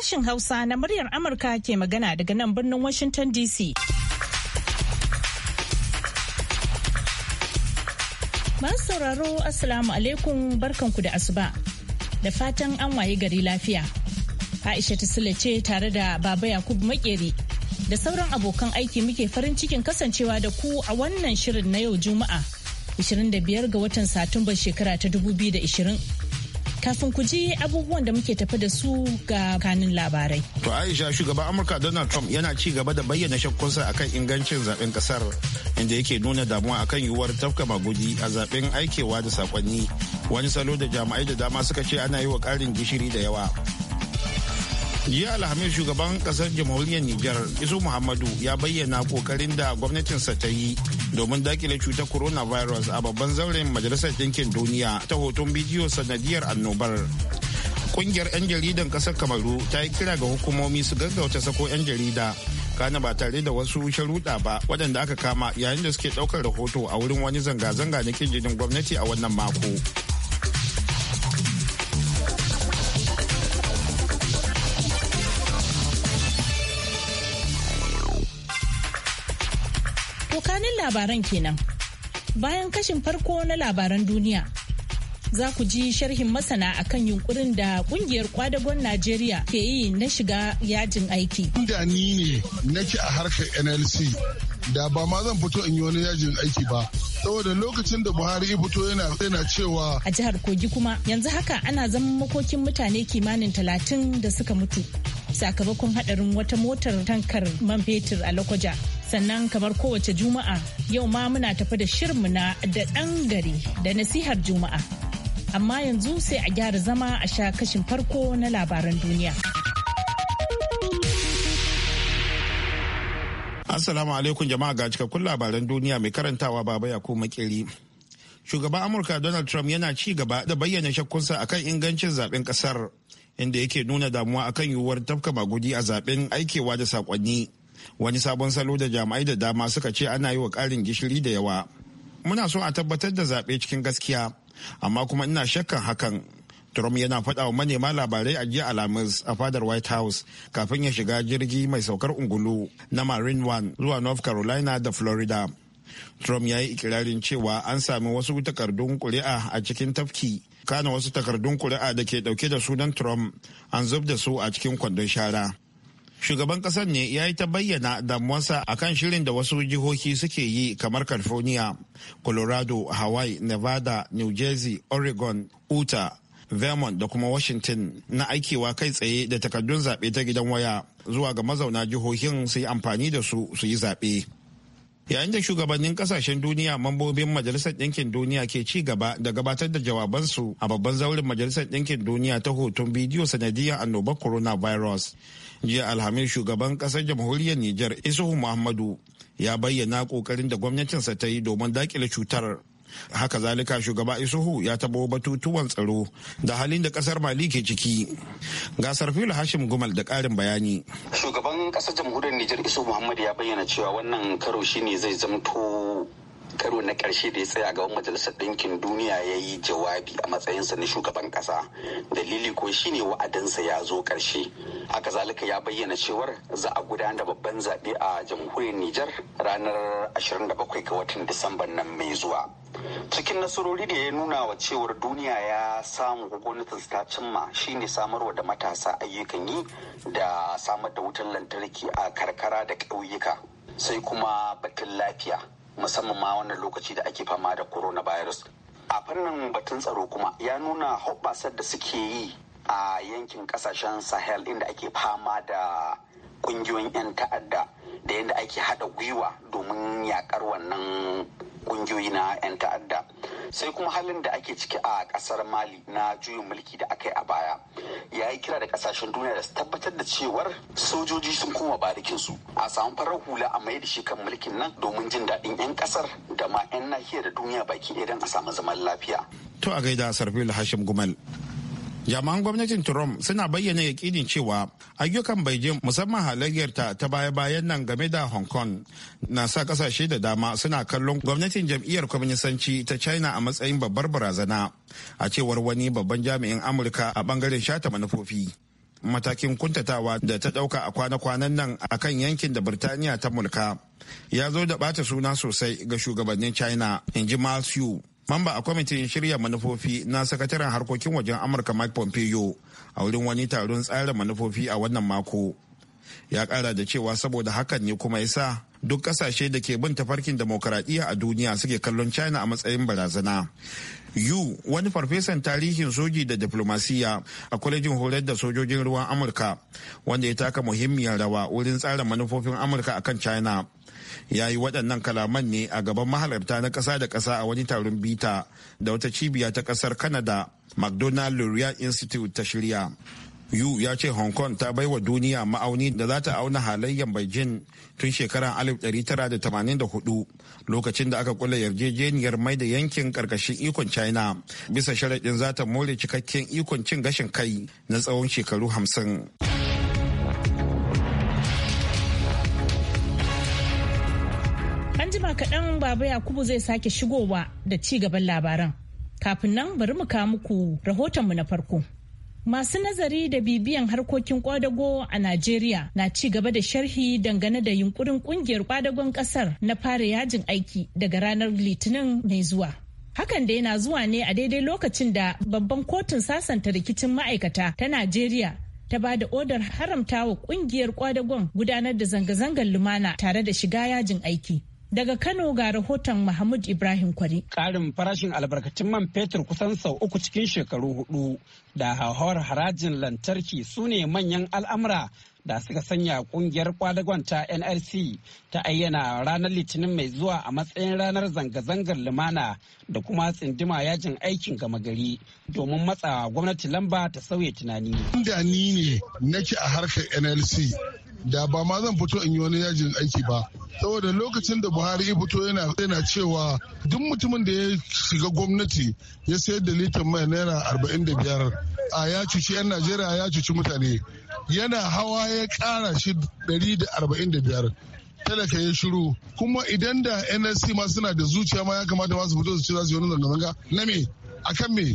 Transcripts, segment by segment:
sashen Hausa na muryar Amurka ke magana daga nan birnin Washington DC. Masu sauraro asalamu alaikum barkanku da asuba. Da fatan an waye gari lafiya. Aisha Sule ce tare da Baba Yakubu Makeri da sauran abokan aiki muke farin cikin kasancewa da ku a wannan shirin na yau Juma'a 25 ga watan Satumba shekara ta 2020. Kafin ku ji abubuwan da muke tafi da su ga kanin labarai. To Aisha shugaban Amurka Donald Trump yana ci gaba da bayyana shakkunsa akan ingancin zaben kasar inda yake nuna damuwa akan yiwuwar tafka magudi a zaben aikewa da sakonni. Wani salo da jami'ai da dama suka ce ana yi wa ƙarin gishiri da yawa. jiya alhamis shugaban kasar jamhuriyar nijar isu muhammadu ya bayyana kokarin da gwamnatinsa ta yi domin dakile cutar coronavirus a babban zauren majalisar ɗinkin duniya ta hoton bidiyo sanadiyar annobar kungiyar 'yan jaridan kasar kamaru ta yi kira ga hukumomi su gaggauta sako 'yan jarida kana ba tare da wasu sharuɗa ba waɗanda aka kama yayin da suke ɗaukar rahoto a wurin wani zanga-zanga na kin gwamnati a wannan mako. labaran kenan. Bayan kashin farko na labaran duniya, za ku ji sharhin masana a kan yunkurin da kungiyar kwadagon Najeriya ke yi na shiga yajin aiki. Inda ni ne nake a harkar NLC da ba ma zan fito in yi wani yajin aiki ba. saboda lokacin da buhari ya fito yana yana cewa a jihar kogi kuma yanzu haka ana zama makokin mutane kimanin talatin da suka mutu sakamakon hadarin wata motar tankar man fetur a lokoja sannan kamar kowace juma'a yau ma muna tafi da shirinmu na da ɗan gari da nasihar juma'a amma yanzu sai a gyara zama a sha kashin farko na labaran duniya assalamu alaikum jama'a ga cikakkun labaran duniya mai karantawa baba ya makeri makiri shugaban amurka donald trump yana ci gaba da bayyana shakkunsa akan ingancin zaben kasar inda yake nuna damuwa akan yiwuwar tafka magudi a zaben aikewa da sakonni wani sabon salo da jami'ai da dama suka ce ana yi wa karin gishiri da yawa muna so a tabbatar da zaɓe cikin gaskiya amma kuma ina shakkan hakan Trump yana faɗa wa manema labarai a jiya Alhamis a fadar White House kafin ya shiga jirgi mai saukar ungulu na Marine One zuwa North Carolina da Florida. Trump ya yi ikirarin cewa an sami wasu takardun kuri'a a cikin tafki. Kana wasu takardun kuri'a da ke dauke da sunan Trump an zub da su a cikin kwandon shara. shugaban kasar ne ya yi ta bayyana damuwarsa kan shirin da wasu jihohi suke yi kamar california colorado hawaii nevada new jersey oregon utah vermont da kuma washington na aikewa kai tsaye da takardun zaɓe ta gidan waya zuwa ga mazauna jihohin su yi amfani da su su yi zaɓe yayin da shugabannin kasashen duniya mambobin majalisar ɗinkin duniya ke ci gaba da gabatar da jawabansu a babban zaurin majalisar ɗinkin duniya ta hoton bidiyo sanadiyar annobar coronavirus jiya alhamis shugaban kasar jamhuriyar nijar isuhu muhammadu ya bayyana kokarin da gwamnatinsa ta yi domin dakile cutar haka zalika shugaba isuhu ya tabo batutuwan tsaro da halin da ƙasar mali ke ciki gasar filo hashim gumal da ƙarin bayani shugaban ƙasar jamhuriyar nijar isuhu Muhammadu ya bayyana cewa wannan karo shine zai zamto karo na karshe da ya tsaya a gaban majalisar ɗinkin duniya ya yi jawabi a matsayinsa na shugaban ƙasa dalili ko shine wa'adinsa ya zo ƙarshe haka zalika ya bayyana cewar za a gudanar babban zaɓe a jamhuriyar nijar ranar 27 ga watan Disamba nan mai zuwa cikin nasarori da ya nuna wa cewar duniya ya samu gwamnatin ta cimma shine samarwa da matasa ayyukan yi da samar da wutar lantarki a karkara da ƙauyuka sai kuma batun lafiya musamman ma wannan lokaci da ake fama da coronavirus a fannin batun tsaro kuma ya nuna hoɓɓasar da suke yi a yankin ƙasashen sahel inda ake fama da kungiyoyin 'yan ta'adda da yadda ake haɗa gwiwa domin yakar wannan kungiyoyi na 'yan ta'adda sai kuma halin da ake ciki a kasar mali na juyin mulki da aka yi a baya ya yi kira da kasashen duniya da su tabbatar da cewar sojoji sun koma barikinsu a samu farar hula a mai da shi kan mulkin nan domin jin daɗin 'yan kasar da ma 'yan nahiyar da duniya baki idan a samu zaman lafiya to a gaida sarfil hashim gumal jami'an gwamnatin trump suna bayyana yakinin cewa ayyukan beijing musamman halayyarta ta baya-bayan nan game da hong kong na sa kasashe da dama suna kallon gwamnatin jam'iyyar kwaminisanci ta china a matsayin babbar barazana a cewar wani babban jami'in amurka a bangaren shata manufofi matakin kuntatawa da ta dauka a kwana-kwanan nan a kan yankin da birtaniya ta mulka ya zo da bata suna sosai ga shugabannin china in ji matthew mamba a kwamitin shirya manufofi na sakataren harkokin wajen amurka mike pompeo a wurin wani taron tsara manufofi a wannan mako ya kara da cewa saboda hakan ne kuma yasa duk kasashe da ke bin tafarkin demokaradiyya a duniya suke kallon china a matsayin barazana yu wani farfesan tarihin soji da diplomasiya a kwalejin horar da sojojin ruwan amurka wanda ya taka muhimmiyar rawa wurin tsara manufofin amurka akan china ya yi waɗannan kalaman ne a gaban mahalarta na ƙasa da ƙasa a wani taron bita da wata cibiya ta ƙasar canada mcdonald laureate institute ta shirya yu ya ce hong kong ta wa duniya ma'auni da za ta auna halayyar beijing tun shekarar 1984 lokacin da aka kula yarjejeniyar mai da yankin karkashin ikon china bisa sharaɗin za ta more cikakken ikon cin gashin kai na tsawon shekaru 50 anjima kaɗan baba yakubu zai sake shigowa da ci gaban labaran kafin nan bari mu kawo muku mu na farko Masu nazari da bibiyan harkokin kwadago a Najeriya na ci gaba da sharhi dangane da yunkurin kungiyar kwadagon kasar na fara yajin aiki daga ranar Litinin mai zuwa. Hakan da yana zuwa ne a daidai lokacin da babban kotun sasanta rikicin ma'aikata ta Najeriya ta ba da odar haramtawa kungiyar kwadagon gudanar da zanga-zangar lumana tare da shiga yajin aiki. Daga Kano ga rahoton Mahmud Ibrahim Kwari. Karin farashin albarkatun man fetur kusan sau uku cikin shekaru hudu da hauhawar harajin lantarki su ne manyan al'amura da suka sanya kungiyar kwadagon ta NRC ta ayyana ranar litinin mai zuwa a matsayin ranar zanga-zangar lumana da kuma tsindima yajin aikin gama gari domin matsawa gwamnati lamba ta sauya tunani. Wanda ni ne nake a harkar NLC da ba ma zan fito in yi wani yajin aiki ba saboda lokacin da buhari ya fito yana cewa duk mutumin da ya shiga gwamnati ya sayar da litan mai naira arba'in da biyar a ya cuci 'yan najeriya ya cuci mutane yana hawa ya kara shi ɗari da arba'in da biyar talaka ya shiru kuma idan da nsc ma suna da zuciya ma ya kamata masu fito su ci za su yi wani zanga-zanga na me akan me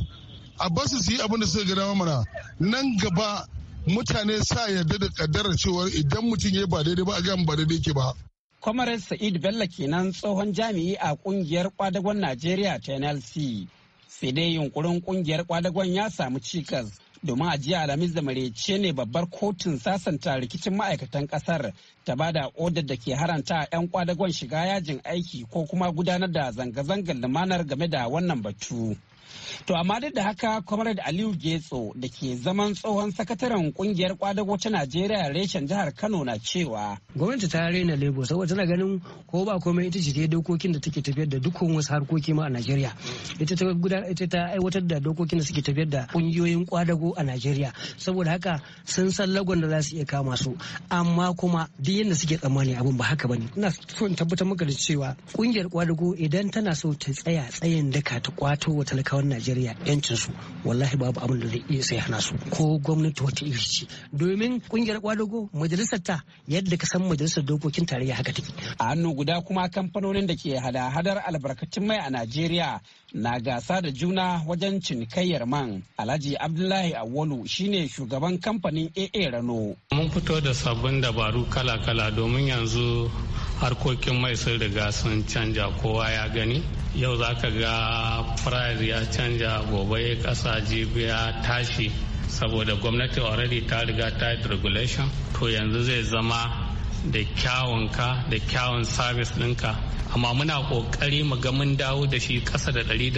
a basu su yi abin da suka gada mana nan gaba mutane sa yarda da kaddara cewar idan mutum ya ba daidai ba a gan ba daidai ke ba. Kwamarar Sa'id Bello kenan tsohon jami'i a kungiyar kwadagon Najeriya ta NLC. Sai dai yunkurin kungiyar kwadagon ya samu cikas domin a jiya alhamis da marece ne babbar kotun sasanta rikicin ma'aikatan kasar ta ba da odar da ke haranta a 'yan kwadagon shiga yajin aiki ko kuma gudanar da zanga-zangar lumanar game da wannan batu To amma duk da haka Comrade Aliyu Getso da ke zaman tsohon sakataren kungiyar kwadago ta Najeriya reshen jihar Kano na cewa. Gwamnati ta raina Lagos saboda tana ganin ko ba komai ita ce ta dokokin da take tafiyar da dukkan wasu harkoki ma a Najeriya. Ita ta ita ta aiwatar da dokokin da suke tafiyar da kungiyoyin kwadago a Najeriya saboda haka sun san lagon da za su iya kama su amma kuma duk yadda suke tsammani abin ba haka ba ne Ina son tabbatar maka da cewa kungiyar kwadago idan tana so ta tsaya tsayin daka ta kwato wa talakawa 'yan Najeriya su wallahi babu abin da zai iya sai hana su ko gwamnati wata iri ce domin kungiyar kwadago majalisar ta yadda ka san majalisar dokokin tarayya haka take a hannu guda kuma kamfanonin da ke hada-hadar albarkacin mai a Najeriya na gasa da juna wajen cinikayyar man Alhaji Abdullahi Awolu shine shugaban kamfanin AA Rano mun fito da sabbin dabaru kala-kala domin yanzu harkokin mai sun riga sun canja kowa ya gani yau za ka ga price ya canja gobe kasa jibiya tashi saboda gwamnati already ta riga ta regulation to yanzu zai zama da kyawunka da kyawun sabis ɗinka amma muna ƙoƙari mu ga mun dawo da shi ƙasa da ɗari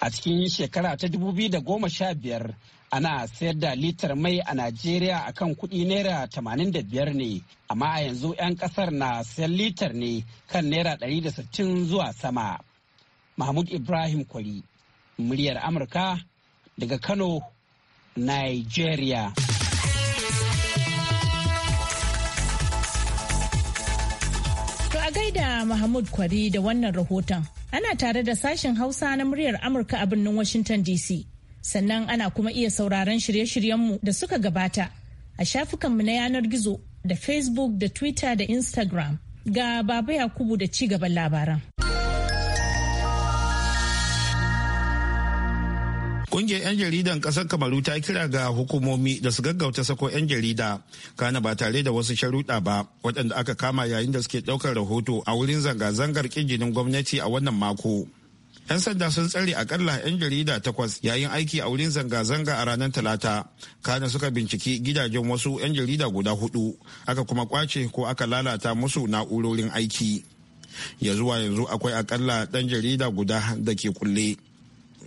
a cikin shekara ta dubu biyu da goma sha biyar ana sayar da litar mai a najeriya akan kuɗi naira tamanin da biyar ne amma a yanzu 'yan ƙasar na sayan litar ne kan naira ɗari da sittin zuwa sama mahmud ibrahim kwari muryar amurka daga kano nigeria. da Mahmud Kwari da wannan rahoton. Ana tare da sashen Hausa na muryar Amurka a birnin Washington DC. Sannan ana kuma iya sauraron shirye-shiryenmu da suka gabata a shafukanmu na yanar gizo da Facebook da Twitter da Instagram. Ga Baba Yakubu da ci gaban labaran. Kungiyar 'yan jaridan ƙasar Kamaru ta kira ga hukumomi da su gaggauta sako 'yan jarida kana ba tare da wasu sharuɗa ba waɗanda aka kama yayin da suke ɗaukar rahoto a wurin zanga-zangar ƙinjinin gwamnati a wannan mako. 'Yan sanda sun tsare akalla 'yan jarida takwas yayin aiki a wurin zanga-zanga a ranar Talata. Kana suka binciki gidajen wasu 'yan jarida guda hudu aka kuma kwace ko aka lalata musu na'urorin aiki. Ya zuwa yanzu akwai akalla ɗan jarida guda da ke kulle.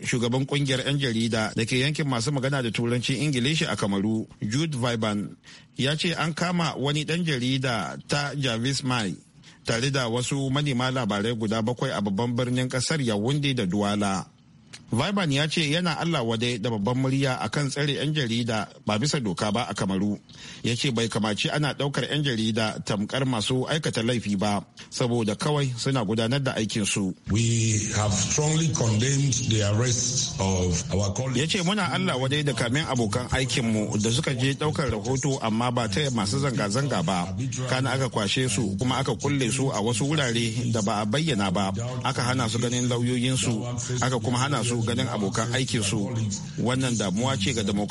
shugaban kungiyar 'yan jarida da ke yankin masu magana da turancin ingilishi a kamaru jude viban ya ce an kama wani dan jarida ta jarvis mai tare da wasu manema labarai guda bakwai a babban birnin kasar yawunde da duwala Viban ya ce yana Allah wadai da babban murya akan tsare 'yan jarida ba bisa doka ba a Kamaru. Ya ce bai kamaci ana ɗaukar 'yan jarida tamkar masu aikata laifi ba saboda kawai suna gudanar da aikinsu. We have strongly condemned the arrest Ya ce muna Allah wadai da kamin abokan aikinmu da suka je ɗaukar rahoto amma ba ta masu zanga-zanga ba. Kana aka kwashe su kuma aka kulle su a wasu wurare da ba a bayyana ba. Aka hana su ganin lauyoyinsu. Aka kuma hana su su ganin abokan aikinsu wannan damuwa ce ga mu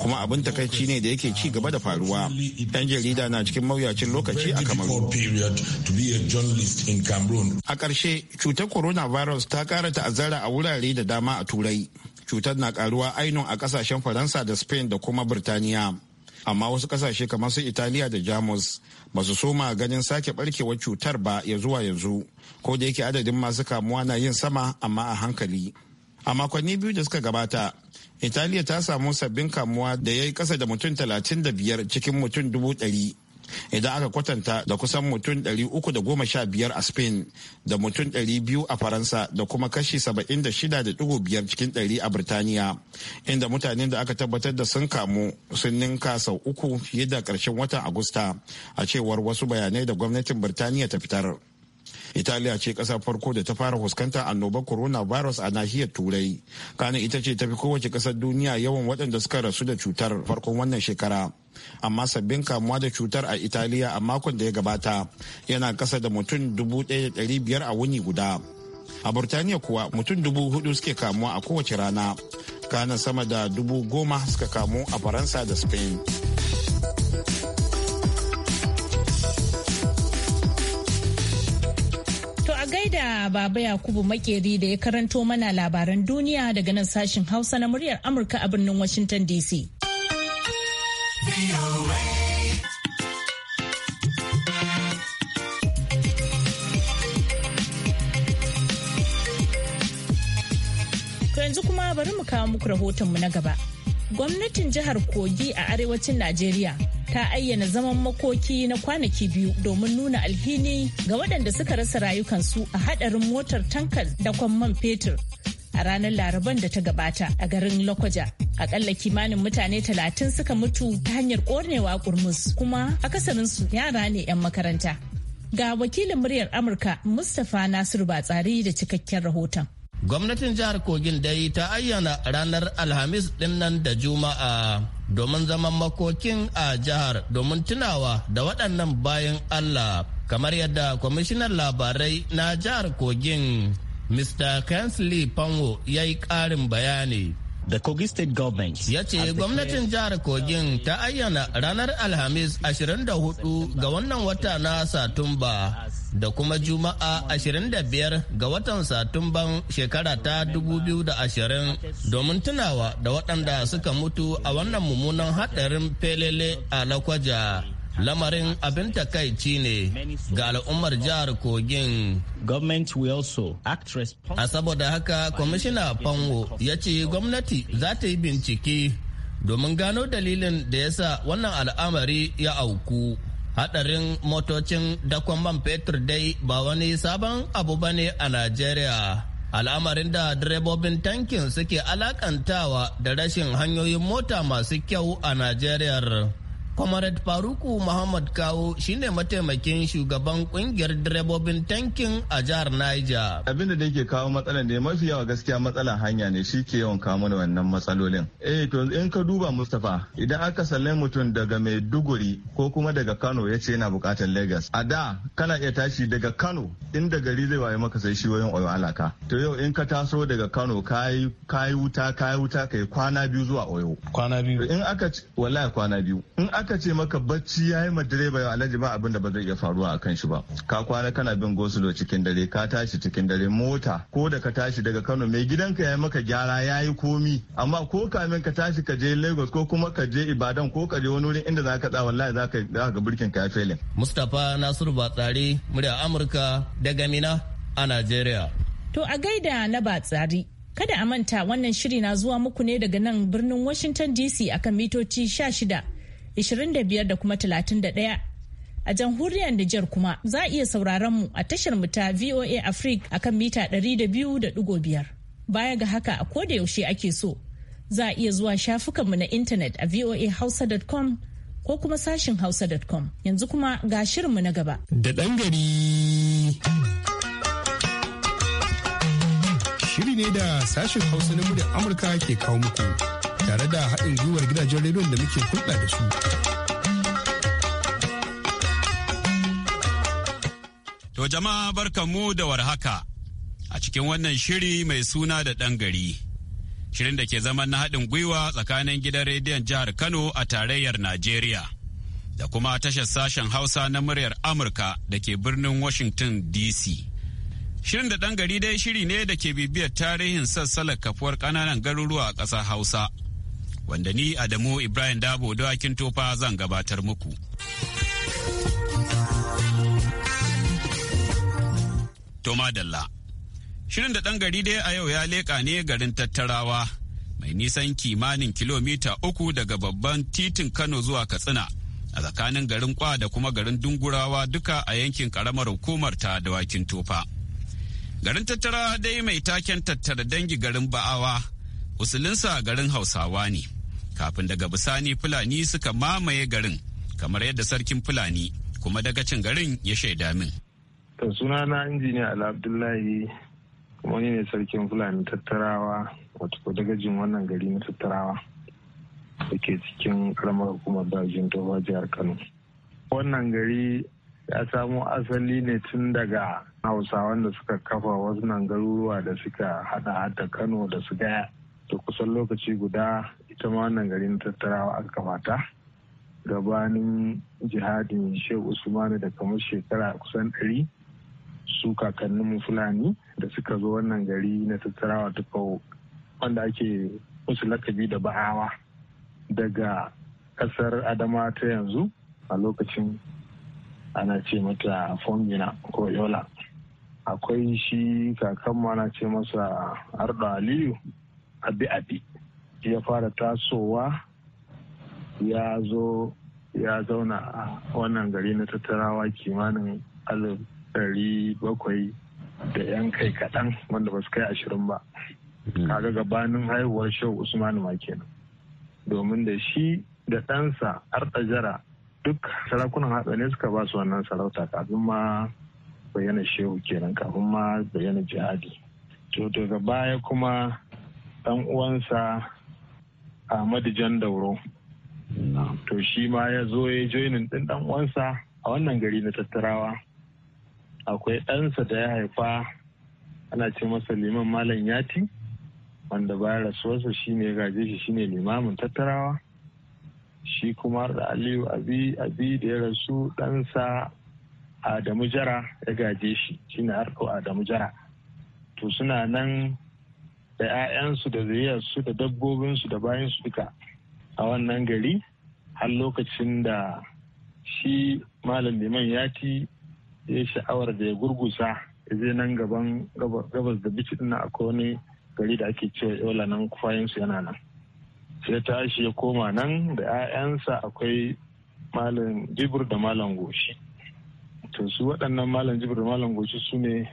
kuma abin takaici ne da yake ci gaba da faruwa yan jarida na cikin mawuyacin lokaci a kamaru a ƙarshe cutar corona virus ta ƙara ta'azzara a wurare da dama a turai cutar na ƙaruwa ainihin a ƙasashen faransa da spain da kuma birtaniya amma wasu kasashe kamar su italiya da jamus ba su soma ganin sake barkewar cutar ba ya zuwa yanzu ko da yake adadin masu kamuwa na yin sama amma a hankali a makonni biyu da suka gabata italiya ta samu sabbin kamuwa da ya yi kasa da mutum 35 cikin mutum dubu ɗari idan aka kwatanta da kusan mutum 315 a spain da mutum 200 a faransa da kuma kashi 76.5 cikin 100 a birtaniya inda mutanen da aka tabbatar da sun kamu sun ninka sau uku fiye da ƙarshen watan agusta a cewar wasu bayanai da gwamnatin birtaniya ta fitar italiya ce ƙasa farko da ta fara fuskantar annobar coronavirus a nahiyar turai kana ita ce tafi kowace ƙasar duniya yawan waɗanda suka rasu da cutar farkon wannan shekara amma sabbin kamuwa da cutar a italiya a makon da ya gabata yana kasa da mutum biyar a wuni guda a burtaniya kuwa mutum dubu hudu suke kamuwa a kowace rana kana sama da dubu goma suka kamu a faransa da spain gaida Baba Yakubu Makeri da ya karanto mana labaran duniya daga nan sashin Hausa na muryar Amurka a birnin Washington DC. yanzu kuma bari mu kawo muku rahotonmu na gaba. Gwamnatin jihar Kogi a arewacin Najeriya ta ayyana zaman makoki na kwanaki biyu domin nuna alhini ga waɗanda suka rasa rayukansu a haɗarin motar tankar da kwamman fetur a ranar Laraban da ta gabata a garin Lokoja. Akalla kimanin mutane talatin suka mutu ta hanyar kornewa kurmus kuma akasarinsu yara ne 'yan makaranta. Ga wakilin muryar Amurka Mustapha Nasiru Batsari da cikakken rahoton. Gwamnatin jihar Kogin dai ta ayyana ranar Alhamis dinnan da Juma'a domin zaman makokin a jihar domin tunawa da waɗannan bayan Allah kamar yadda kwamishinan labarai na jihar Kogin Mr. Kensley Panwo ya yi ƙarin bayani. The Kogi State Government. Ya ce gwamnatin jihar Kogin ta ayyana ranar Alhamis 24 ga wannan wata na Satumba da kuma Juma'a 25 ga watan Satumban shekara ta 2020 domin tunawa da waɗanda suka mutu a wannan mummunan haɗarin felele a Lakwaja. lamarin abin takaici ne ga al'ummar jihar kogin a saboda haka kwamishina panwo ya ce gwamnati za ta yi bincike domin gano dalilin da ya sa wannan al'amari ya auku hadarin motocin dakon man fetur dai ba wani sabon abu ba ne a najeriya al'amarin da direbobin tankin suke alakantawa da rashin hanyoyin mota masu kyau a najeriya Comrade Faruku Muhammad Kawo shine mataimakin shugaban kungiyar direbobin tankin a jihar Niger. Abin da yake kawo matsalar ne mafi yawa gaskiya matsalar hanya ne shi ke yawan kawo mana wannan matsalolin. Eh to in ka duba Mustapha idan aka sallai mutum daga Maiduguri ko kuma daga Kano ya ce yana bukatar Lagos. A da kana iya tashi daga Kano inda gari zai waye maka sai shi wayan Oyo Alaka. To yau in ka taso daga Kano kayi kayi wuta kayi wuta kai kwana biyu zuwa Oyo. Kwana biyu. In aka wallahi kwana biyu. aka ce maka bacci ya yi direba yau alhaji ba abin da ba zai iya faruwa kan shi ba ka kwana kana bin gosulo cikin dare ka tashi cikin dare mota ko da ka tashi daga kano mai gidanka ya maka gyara ya yi komi amma ko kamin ka tashi ka je lagos ko kuma ka je ibadan ko ka je wani wurin inda za ka tsaya za ka ga birkin ka ya mustapha nasiru batsari murya amurka daga mina a nigeria. to a gaida na batsari kada a manta wannan shiri na zuwa muku ne daga nan birnin washington dc akan mitoci shida. 25 da kuma 31. A jamhuriyar Nijar kuma za a iya sauraron mu a tashar mu ta VOA Africa akan mita 200.5. Baya ga haka a koda yaushe ake so za a iya zuwa shafukanmu na intanet a voahausa.com ko kuma sashin hausa.com yanzu kuma ga shirinmu na gaba. Da ɗan gari. Shiri ne da sashin hausa na muda Amurka ke kawo muku. tare da haɗin gwiwar gidajen rediyon da muke hulɗa da su. To jama'a barkanmu da warhaka a cikin wannan shiri mai suna da ɗan gari. Shirin da ke zaman na haɗin gwiwa tsakanin gidan rediyon jihar Kano a tarayyar Najeriya da kuma tashar sashen Hausa na muryar Amurka da ke birnin Washington DC. Shirin da ɗan gari dai shiri ne da ke bibiyar tarihin sassalar kafuwar ƙananan garuruwa a ƙasar Hausa wanda ni Adamu Ibrahim Dabo dawakin tofa zan gabatar muku. Toma Dalla Shirin da ɗan gari dai a yau ya leƙa ne garin tattarawa mai nisan kimanin kilomita uku daga babban titin Kano zuwa Katsina a tsakanin garin Kwa da kuma garin Dungurawa duka a yankin ƙaramar hukumar ta dawakin tofa. Garin tattarawa dai mai taken tattara dangi garin ba'awa, usulinsa garin Hausawa ne. kafin daga bisani fulani suka mamaye garin kamar yadda sarkin fulani kuma dagacin garin ya shaida min. To suna na injiniya Abdullahi kuma ni ne sarkin fulani tattarawa wato dagajin wannan gari na tattarawa da ke cikin karamar hukumar bajin ta jihar Kano. Wannan gari ya samo asali ne tun daga hausawan da suka kafa wasu nan garuruwa da suka hada da Kano da su gaya to kusan lokaci guda ita ma wannan gari na tattarawa aka kamata gabanin jihadin shehu usmanu da kamar shekara kusan ɗari su kakanninmu fulani da suka zo wannan gari na tattarawa ta kawo wanda ake musu lakabi da ba'awa daga kasar adama ta yanzu a lokacin ana ce mata fomina ko yola akwai shi ma ana ce masa arda aliyu abi-abi ya fara tasowa ya zo ya zauna a wannan gari na tattarawa kimanin alif bakwai da 'yan kai kaɗan wanda ba su kai ashirin ba hmm. kaga gabanin haihuwar shehu usman ma domin da shi da ɗansa artajara duk sarakunan ne suka ba su wannan sarauta kafin ma bayyana shehu kenan kafin ma bayyana jihadi to daga baya kuma Ɗan uwansa ahmadu jan dauro to shi ma ya zo ya joinin ɗin ɗan uwansa a wannan gari na tattarawa akwai ɗansa da ya haifa ana ce masa liman malam yati wanda bayan rasuwarsa shi ne gaje shi shi ne limamin tattarawa shi kuma da aliyu abi abi da ya rasu ɗansa adamu jara ya gaje shi ne harko adamu jara to suna nan da 'ya'yansu da zayyarsu da dabbobinsu da bayansu duka a wannan gari har lokacin da shi malam liman ya ci ya sha'awar da ya gurgusa ya zai nan gaban gabas da bici na akwai wani gari da ake cewa yola nan kwayansu yana nan sai tashi ya koma nan da 'ya'yansa akwai malam jibir da malam goshi to su waɗannan malam jibir da malam goshi su ne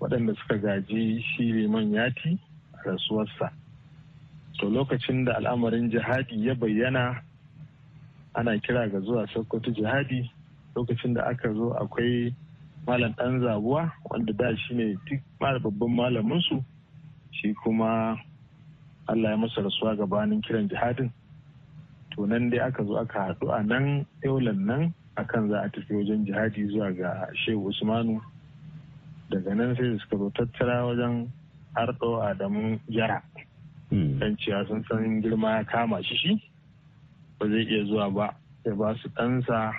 waɗanda suka gaji shi liman yati a rasuwarsa to lokacin da al'amarin jihadi ya bayyana ana kira ga zuwa sokoto jihadi lokacin da aka zo akwai malam ɗan zabuwa wanda da shi ne duk babban malaminsu shi kuma allah ya masa rasuwa gabanin kiran jihadin to nan dai aka zo aka haɗu a nan yaulan nan akan za a tafi wajen jihadi zuwa ga shehu usmanu daga nan sai suka zo tattara wajen harɗo adamu yara hmm. dan cewa sun san girma ya kama shi shi ba zai iya zuwa ba sai ba su ɗansa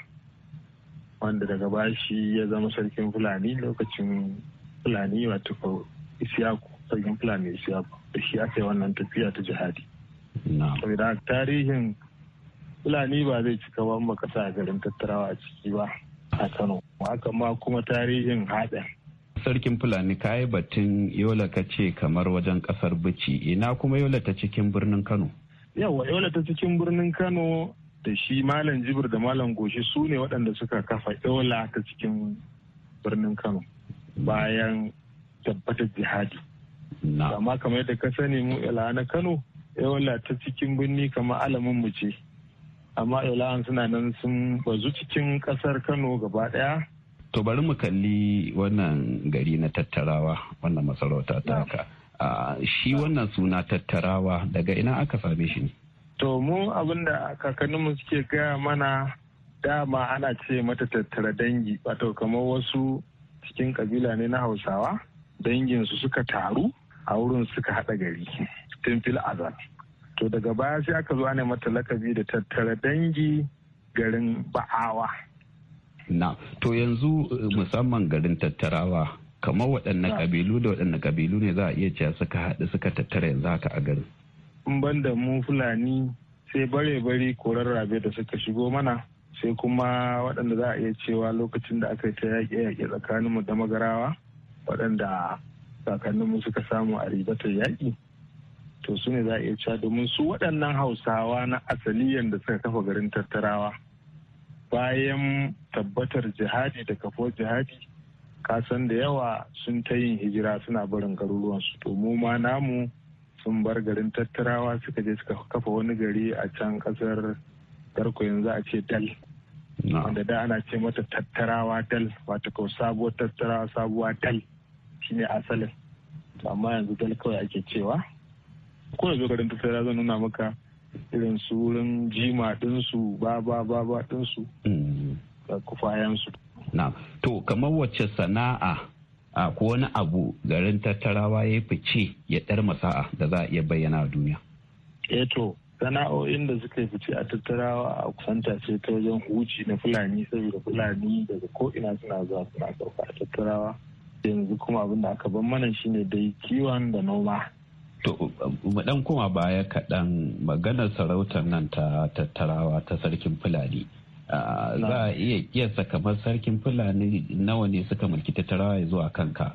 wanda daga bashi ya zama sarkin fulani lokacin fulani wato isiyaku sarkin fulani isiyaku da shi ya wannan tafiya ta jihadi saboda tarihin fulani ba zai cika ban makasa a garin tattarawa a ciki ba a kano haka ma kuma tarihin haɗin sarkin fulani ka yi batun yola ka ce kamar wajen kasar bici ina kuma yola ta cikin birnin kano yawa yola ta cikin birnin kano da shi malam jibir da malam goshi su ne waɗanda suka kafa yola ta cikin birnin kano bayan tabbatar jihadi amma kamar yadda ka sani mu yola na kano yola ta cikin birni kamar alamin mu ce amma yola suna nan sun bazu cikin kasar kano gaba ɗaya to bari mu kalli wannan gari na tattarawa wannan masarauta ta ka. Ah, shi wannan suna tattarawa daga ina aka same shi ne to mu abinda kakanninmu suke gaya mana dama ana ce mata tattara dangi wato kamar wasu cikin kabila ne na hausawa danginsu suka taru a wurin suka haɗa gari tun azan to daga baya sai aka zo ana mata lakabi da tattara dangi garin ba'awa na to yanzu eh, musamman garin tattarawa kamar waɗanne kabilu da waɗanne kabilu ne za a iya cewa suka haɗu suka tattara yanzu haka a garin in ban da mu fulani sai bare bare korar rabe da suka shigo mana sai kuma waɗanda za a iya cewa lokacin da aka yi ta yaƙe yaƙe tsakaninmu da magarawa waɗanda kakanninmu suka samu a ribatar yaƙi to su ne za a iya cewa domin su waɗannan hausawa na asaliyan da suka kafa garin tattarawa bayan tabbatar jihadi da kafo jihadi kasan da yawa sun ta yin hijira suna barin garuruwansu to mu ma namu sun bar garin tattarawa suka je suka kafa wani gari a can kasar garko yanzu a ce dal wanda da ana ce mata tattarawa dal wata kau sabuwar tattarawa sabuwa dal shine asalin amma yanzu dal kawai ake cewa ko yanzu garin tattarawa zan nuna maka irin su wurin jima ɗinsu ba ba ba ba ɗinsu mm. da kufayensu. na to kamar wacce sana'a a ko wani abu garin tattarawa ya fice ya ɗar masa'a da za a iya bayyana a duniya. Eh to sana'o'in da suka fice a tattarawa a kusanta ce ta wajen huci na fulani saboda fulani daga ko'ina suna zuwa suna sauka a tattarawa yanzu kuma abin da aka ban mana shine dai kiwon da noma To, mu dan kuma baya kaɗan maganar sarautar nan ta tattarawa ta sarkin Fulani. Za a iya kiyasa kamar sarkin Fulani nawa ne suka mulki tattarawa ya zuwa kanka.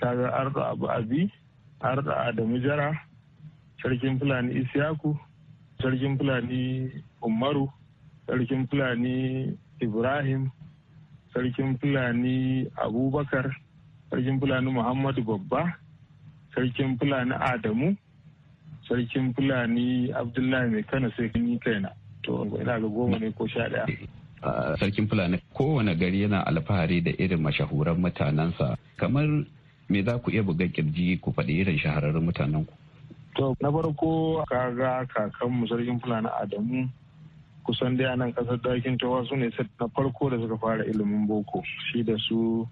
Kaga Arda Abu Abi, Arda Adamu Jara, sarkin Fulani Isiyaku, sarkin Fulani Umaru, sarkin Fulani Ibrahim, sarkin Fulani Abubakar, sarkin Fulani Muhammadu Babba, sarkin fulani adamu sarkin fulani abdullahi mai kana sai ni kaina to ina ga goma ne ko sha daya sarkin fulani kowane gari yana alfahari da irin mashahuran mutanensa kamar me za ku iya buga kirji ku faɗi irin shahararrun mutanen ku to na farko kaga kakanmu sarkin fulani adamu kusan dai yanar kasar dakin tawa su ne na farko da suka fara ilimin boko shi da su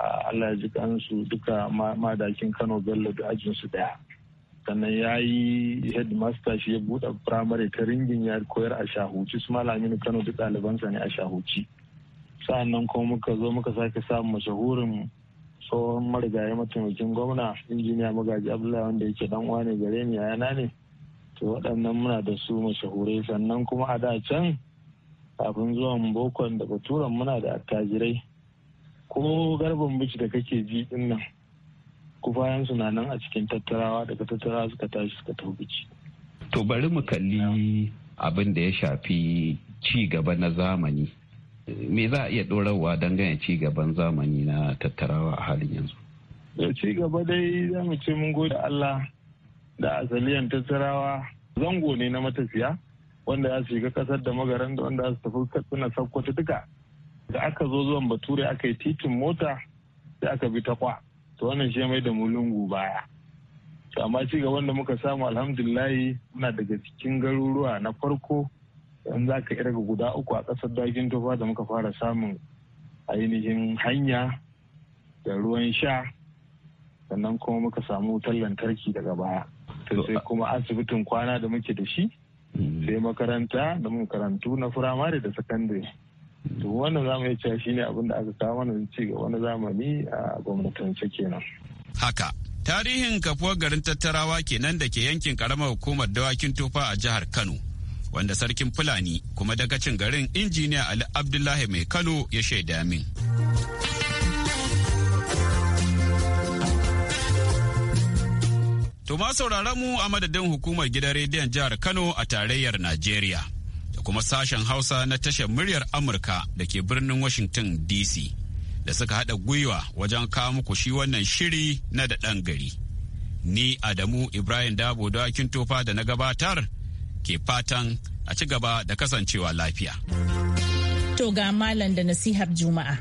Allah ji kansu duka madakin Kano Bello da ajin ajinsu daya. Sannan ya yi headmaster shi ya buɗe firamare ta ringin ya koyar a shahuci su malamin Kano duk ɗalibansa ne a shahuci. Sa'annan kuma muka zo muka sake samun mashahurin tsohon marigayi mataimakin gwamna injiniya magaji abdullahi wanda yake dan uwa ne gare ni yana ne to waɗannan muna da su mashahurai sannan kuma a da can kafin zuwan bokon da baturan muna da attajirai ko garban bici da kake ji din nan bayan na nan a cikin tattarawa daga tattarawa suka tashi suka tafi to bari mu kalli abin da ya shafi ci gaba na zamani me za a iya ɗorawa don gane ci gaban zamani na tattarawa a halin yanzu ci gaba dai za mu ce mun gode Allah da asaliyan tattarawa zango ne na matafiya wanda ya shiga kasar da magaran da wanda su tafi katsina sakkwata duka da aka zo zuwan bature aka yi titin mota sai aka bi ta kwa to wannan shi mai da mulungu baya to amma ci gaban da muka samu alhamdulillahi muna daga cikin garuruwa na farko in za ka irga guda uku a ƙasar dagin tufa da muka fara samun ainihin hanya da ruwan sha sannan kuma muka samu wutar lantarki daga baya sai kuma asibitin kwana da muke da shi hmm. sai makaranta da makarantu na firamare da sakandare to wannan zamu iya cewa shine abin da aka kawo mana ci gaba na zamani a gwamnatance kenan haka tarihin kafuwar garin tattarawa kenan da ke yankin karamar hukumar dawakin tofa a jihar kano wanda sarkin fulani kuma dagacin garin injiniya ali abdullahi mai kano ya shaida min To ma sauraron mu a madadin hukumar gidan rediyon jihar Kano a tarayyar Najeriya. da kuma sashen Hausa na tashar muryar Amurka da ke birnin Washington DC da suka haɗa gwiwa wajen kawo muku shi wannan shiri na da ɗan gari. Ni Adamu Ibrahim Dabo dakin tofa da na gabatar ke fatan a ci gaba da kasancewa lafiya. To ga malam da nasihar Juma'a.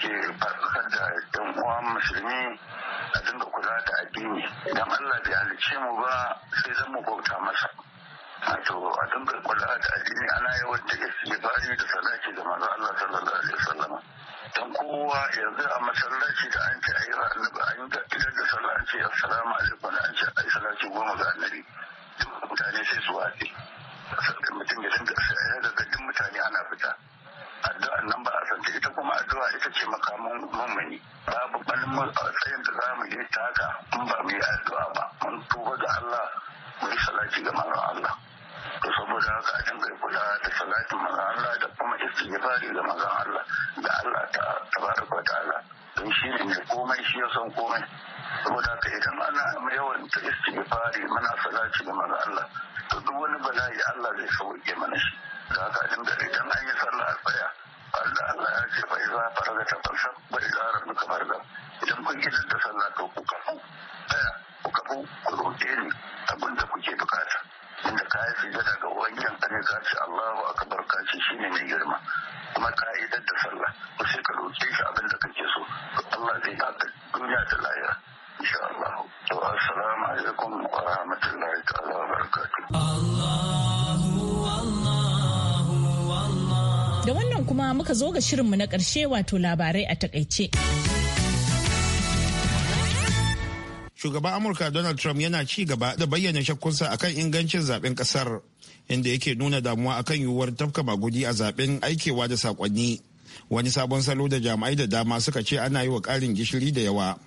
ke faɗakar da ɗan uwa musulmi a dinga kula da addini Idan Allah bai halice mu ba sai zan mu bauta masa wato a dinga kula da addini ana yawan da ibari da salati da manzo Allah sallallahu alaihi wasallam dan kowa yanzu a masallaci da an ce ayyuka annabi an ga idan da salati assalamu alaikum an ce ayi salati goma ga annabi mutane sai su sai mutum ya dinga sai ya ga duk mutane ana fita addu'ar nan ba a santa ita kuma addu'a ita ce makamin mummuni babu balmin tsayin da za mu yi taka mun ba mu yi addu'a ba mun tuba ga Allah mu yi salati ga manzon Allah to saboda haka a dinga kula da salatin manzon Allah da kuma istighfari ga manzon Allah da Allah ta tabaraka wa ta'ala don shi ne mai komai shi ya san komai saboda haka idan ana yawan ta istighfari muna salati ga manzon Allah to duk wani bala'i Allah zai sauke mana shi kaga inda idan an yi sallah a tsaya Allah Allah ya ce bai za fara da tabbasar bai za mu rabu kamar da idan kun kitar da sallah to ku kafu tsaya ku kafu ku roƙe ni abin da kuke bukata inda ka yi sujada ga wankin ka ne ka ce Allahu akbar ka ce shine mai girma kuma ka yi da sallah ku sai ka roƙe shi abin da muka zo ga shirinmu na ƙarshe wato labarai a takaice. Shugaban Amurka Donald Trump yana ci gaba da bayyana shakkunsa akan ingancin zaben kasar inda yake nuna damuwa akan yiwuwar tafka magudi a zaben aikewa da sakonni. Wani sabon salo da jami'ai da dama suka ce ana yi wa ƙarin gishiri da yawa.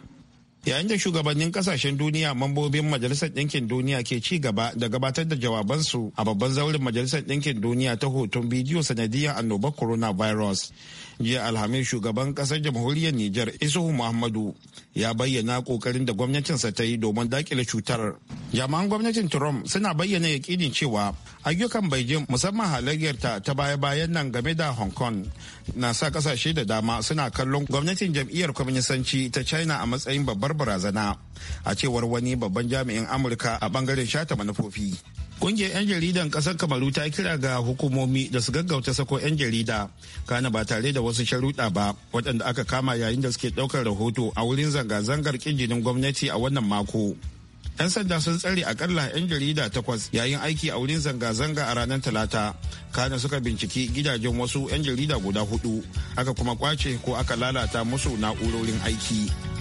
yayin da shugabannin kasashen duniya mambobin majalisar ɗinkin duniya ke ci gaba da gabatar da jawabansu a babban zaurin majalisar ɗinkin duniya ta hoton bidiyo sanadiyar annobar coronavirus jiya alhamis shugaban kasar jamhuriyar niger isuhu muhammadu ya bayyana kokarin da gwamnatinsa ta yi domin dakile cutar jami'an gwamnatin trump suna bayyana yakinin cewa ayyukan beijing musamman halayyarta ta baya-bayan nan game da hong kong na sa kasashe da dama suna kallon gwamnatin jam'iyyar kwaminisanci ta china a matsayin babbar barazana a cewar wani babban jami'in amurka a bangaren shata manufofi Kungiyar 'yan jaridan ƙasar Kamaru ta kira ga hukumomi da su gaggauta sako 'yan jarida kana ba tare da wasu sharuɗa ba waɗanda aka kama yayin da suke ɗaukar rahoto a wurin zanga-zangar ƙinjinin gwamnati a wannan mako. 'Yan sanda sun tsare akalla 'yan jarida takwas yayin aiki a wurin zanga-zanga a ranar Talata. Kana suka binciki gidajen wasu 'yan jarida guda hudu aka kuma kwace ko aka lalata musu na'urorin aiki.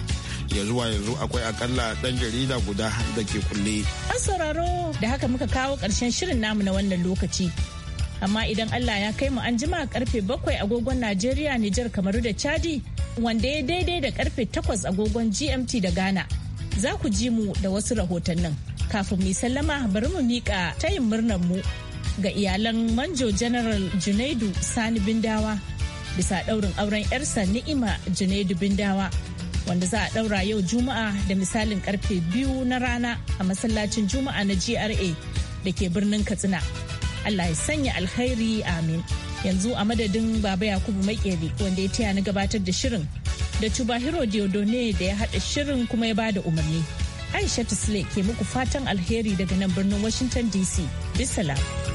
ya zuwa yanzu akwai akalla ɗan jarida guda da ke kulle. An sauraro da haka muka kawo ƙarshen shirin namu na wannan lokaci. Amma idan Allah ya kai mu an jima karfe bakwai agogon Najeriya, Nijar, kamar da Chadi, wanda ya daidai da karfe takwas agogon GMT da Ghana. Za ku ji mu da wasu rahotannin. Kafin mu sallama bari mu miƙa tayin murnar mu ga iyalan manjo general junaidu sani bindawa bisa ɗaurin auren yarsa ni'ima junaidu bindawa wanda za a ɗaura yau Juma'a da misalin karfe biyu na rana a masallacin Juma'a na GRA da ke birnin Katsina. Allah ya sanya alkhairi amin. Yanzu a madadin Baba Yakubu Makeri wanda ya taya na gabatar da shirin da Chubahiro Diodone da ya haɗa shirin kuma ya bada umarni. Aisha Tisle ke muku fatan alheri daga nan birnin Washington DC. Bisalam.